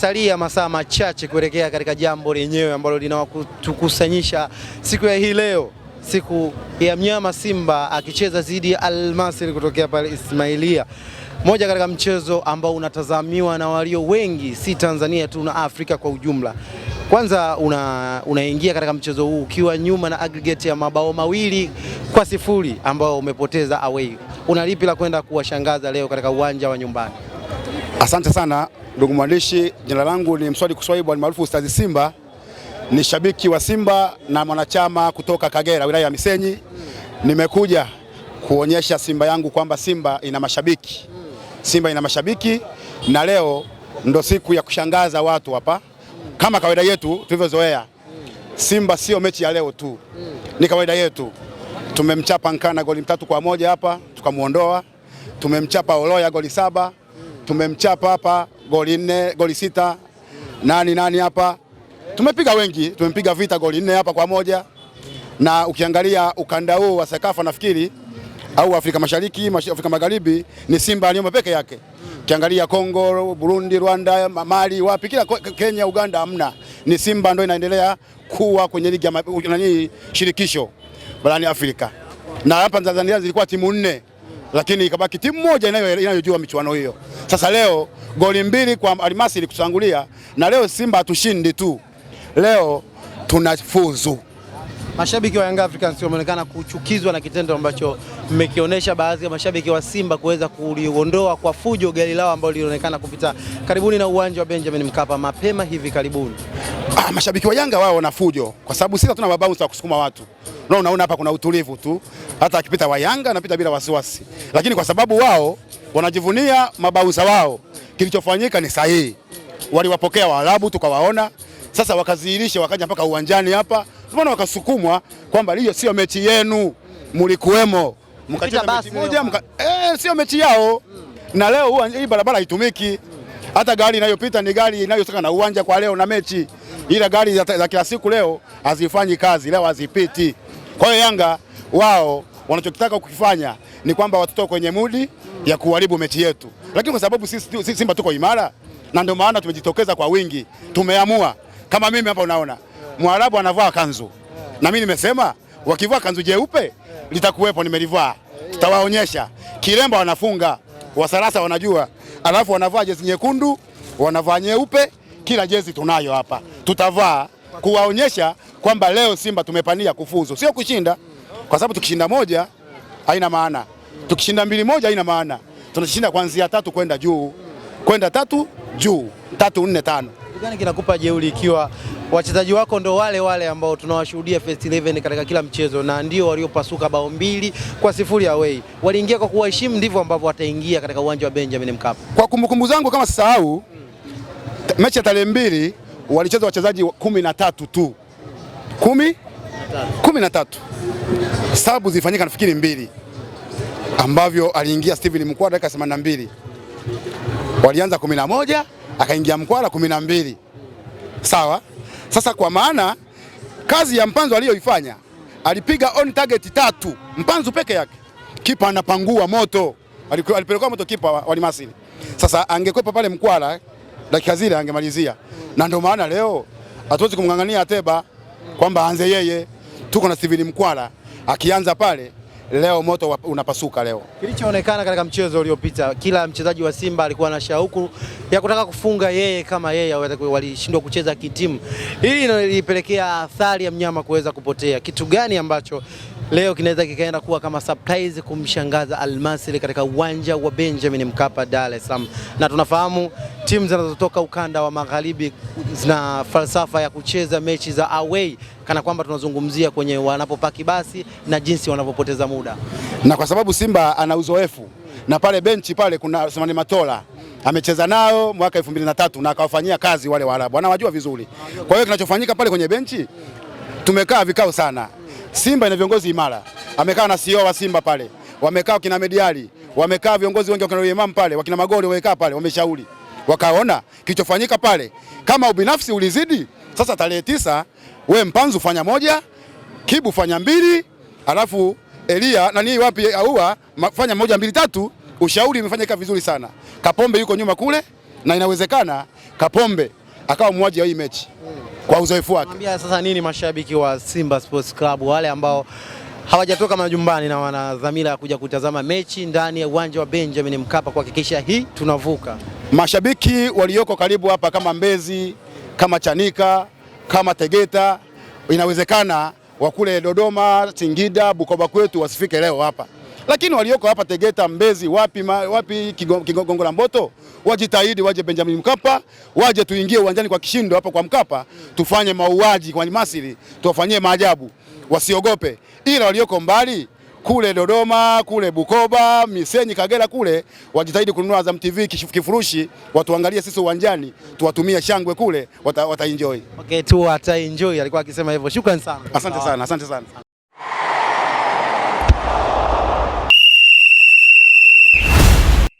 salia masaa machache kuelekea katika jambo lenyewe ambalo linawakutukusanyisha siku ya hii leo, siku ya mnyama Simba akicheza dhidi ya Al kutokea pale Ismailia, moja katika mchezo ambao unatazamiwa na walio wengi, si Tanzania tu na Afrika kwa ujumla. Kwanza unaingia una katika mchezo huu ukiwa nyuma na aggregate ya mabao mawili kwa sifuri ambao umepoteza away. Una lipi la kwenda kuwashangaza leo katika uwanja wa nyumbani? Asante sana Ndugu mwandishi, jina langu ni Mswadi Kuswaibu maarufu Ustazi Simba. Ni shabiki wa Simba na mwanachama kutoka Kagera, wilaya ya Misenyi. Nimekuja kuonyesha Simba yangu kwamba Simba ina mashabiki, Simba ina mashabiki, na leo ndo siku ya kushangaza watu hapa. Kama kawaida yetu tulivyozoea, Simba sio mechi ya leo tu, ni kawaida yetu. Tumemchapa Nkana goli mtatu kwa moja hapa tukamwondoa, tumemchapa Oloya goli saba, tumemchapa hapa goli nne, goli sita nani nani hapa tumepiga wengi, tumepiga vita goli nne hapa kwa moja. Na ukiangalia ukanda huu wa Sekafa nafikiri au Afrika Mashariki, Afrika Magharibi ni Simba aliyomba peke yake. Ukiangalia Kongo, Burundi, Rwanda, Mali, wapi kila Kenya, Uganda hamna. Ni Simba ndio inaendelea kuwa kwenye ligi ya nani shirikisho barani Afrika, na hapa Tanzania zilikuwa timu nne lakini ikabaki timu moja inayojua michuano hiyo. Sasa leo goli mbili kwa Almasi ilikutangulia, na leo Simba hatushindi tu, leo tunafuzu. Mashabiki wa Young Africans wameonekana kuchukizwa na kitendo ambacho mmekionyesha baadhi ya mashabiki wa Simba kuweza kuliondoa kwa fujo gari lao ambalo lilionekana kupita karibuni na uwanja wa Benjamin Mkapa mapema hivi karibuni. Ah, mashabiki wa Yanga wao wana fujo kwa sababu sisi hatuna mabaunsa wa kusukuma watu. Na unaona hapa kuna utulivu tu, hata akipita wa Yanga anapita bila wasiwasi, lakini kwa sababu wao wanajivunia mabaunsa wao, kilichofanyika ni sahihi. Waliwapokea Waarabu tukawaona, sasa wakaziilisha, wakaja mpaka uwanjani hapa, tumeona wakasukumwa kwamba hiyo sio mechi yenu, mulikuwemo mkacheza mechi moja mka... eh, sio mechi yao, na leo hii barabara haitumiki, hata gari inayopita ni gari inayotoka na uwanja kwa leo na mechi ila gari za, za kila siku leo hazifanyi kazi, leo hazipiti. Kwa hiyo Yanga wao wanachokitaka kukifanya ni kwamba watoto kwenye mudi ya kuharibu mechi yetu, lakini kwa sababu sisi Simba tuko imara na ndio maana tumejitokeza kwa wingi, tumeamua. Kama mimi hapa, unaona Mwarabu anavaa kanzu na mimi nimesema wakivaa kanzu jeupe litakuwepo, nimelivaa tutawaonyesha. Kiremba wanafunga, Wasarasa wanajua, alafu wanavaa jezi nyekundu, wanavaa nyeupe kila jezi tunayo hapa, tutavaa kuwaonyesha kwamba leo Simba tumepania kufuzu, sio kushinda, kwa sababu tukishinda moja haina maana, tukishinda mbili moja haina maana, tunashinda kuanzia tatu kwenda juu, kwenda tatu juu, tatu nne tano. Gani kinakupa jeuri ikiwa wachezaji wako ndo wale wale ambao tunawashuhudia first 11 katika kila mchezo na ndio waliopasuka bao mbili kwa sifuri away. Waliingia kwa kuwaheshimu, ndivyo ambavyo wataingia katika uwanja wa Benjamin Mkapa. Kwa kumbukumbu zangu kama sisahau hmm mechi ya tarehe mbili walicheza wachezaji kumi na tatu tu kumi, kumi na tatu. Sabu zilifanyika nafikiri mbili, ambavyo aliingia Steven Mkwala dakika 82 walianza 11 akaingia Mkwala 12 sawa. Sasa kwa maana kazi ya Mpanzu aliyoifanya alipiga on target tatu Mpanzu peke yake, kipa anapangua moto, alipelekwa moto kipa walimasili. Sasa angekwepa pale Mkwala dakika zile angemalizia, na ndio maana leo hatuwezi kumng'ang'ania Ateba kwamba aanze yeye. Tuko na Steven Mkwala akianza pale leo moto unapasuka leo. Kilichoonekana katika mchezo uliopita, kila mchezaji wa Simba alikuwa na shauku ya kutaka kufunga yeye kama yeye, walishindwa kucheza kitimu. hii lilipelekea athari ya mnyama kuweza kupotea. Kitu gani ambacho leo kinaweza kikaenda kuwa kama surprise kumshangaza Almasri katika uwanja wa Benjamin Mkapa, Dar es Salaam? Na tunafahamu timu zinazotoka ukanda wa magharibi zina falsafa ya kucheza mechi za away kana kwamba tunazungumzia kwenye wanapopaki basi na jinsi wanavyopoteza muda, na kwa sababu Simba ana uzoefu na pale benchi pale kuna Othmani Matola amecheza nao mwaka 2003 na akawafanyia kazi wale Waarabu, anawajua vizuri. Kwa hiyo kinachofanyika pale kwenye benchi, tumekaa vikao sana. Simba ina viongozi imara, amekaa na CEO wa Simba pale, wamekaa kina Mediali, wamekaa viongozi wengi, wakina Imam pale, wakina Magoli wamekaa pale, wameshauri wakaona kilichofanyika pale, kama ubinafsi ulizidi. Sasa tarehe tisa, we Mpanzu fanya moja, Kibu fanya mbili, alafu Elia nani wapi aua fanya moja mbili tatu. Ushauri imefanyika vizuri sana. Kapombe yuko nyuma kule, na inawezekana Kapombe akawa muuaji wa hii mechi kwa uzoefu wake. Mwambia sasa nini mashabiki wa Simba Sports Club wale ambao hawajatoka majumbani na wana dhamira ya kuja kutazama mechi ndani ya uwanja wa Benjamin Mkapa kuhakikisha hii tunavuka. Mashabiki walioko karibu hapa kama Mbezi, kama Chanika, kama Tegeta, inawezekana wa kule Dodoma, Singida, Bukoba kwetu wasifike leo hapa, lakini walioko hapa Tegeta, Mbezi, wapi, ma, wapi Kigongo la Mboto wajitahidi waje Benjamin Mkapa, waje tuingie uwanjani kwa kishindo hapa kwa Mkapa, tufanye mauaji kwa masiri, tuwafanyie maajabu, wasiogope. Ila walioko mbali kule Dodoma, kule Bukoba, Misenyi, Kagera kule wajitahidi kununua Azam TV kifurushi, watuangalie sisi uwanjani, tuwatumie shangwe kule, wataenjoy wata okay tu, wataenjoy. Alikuwa akisema hivyo. Shukrani sana, asante sana, asante sana.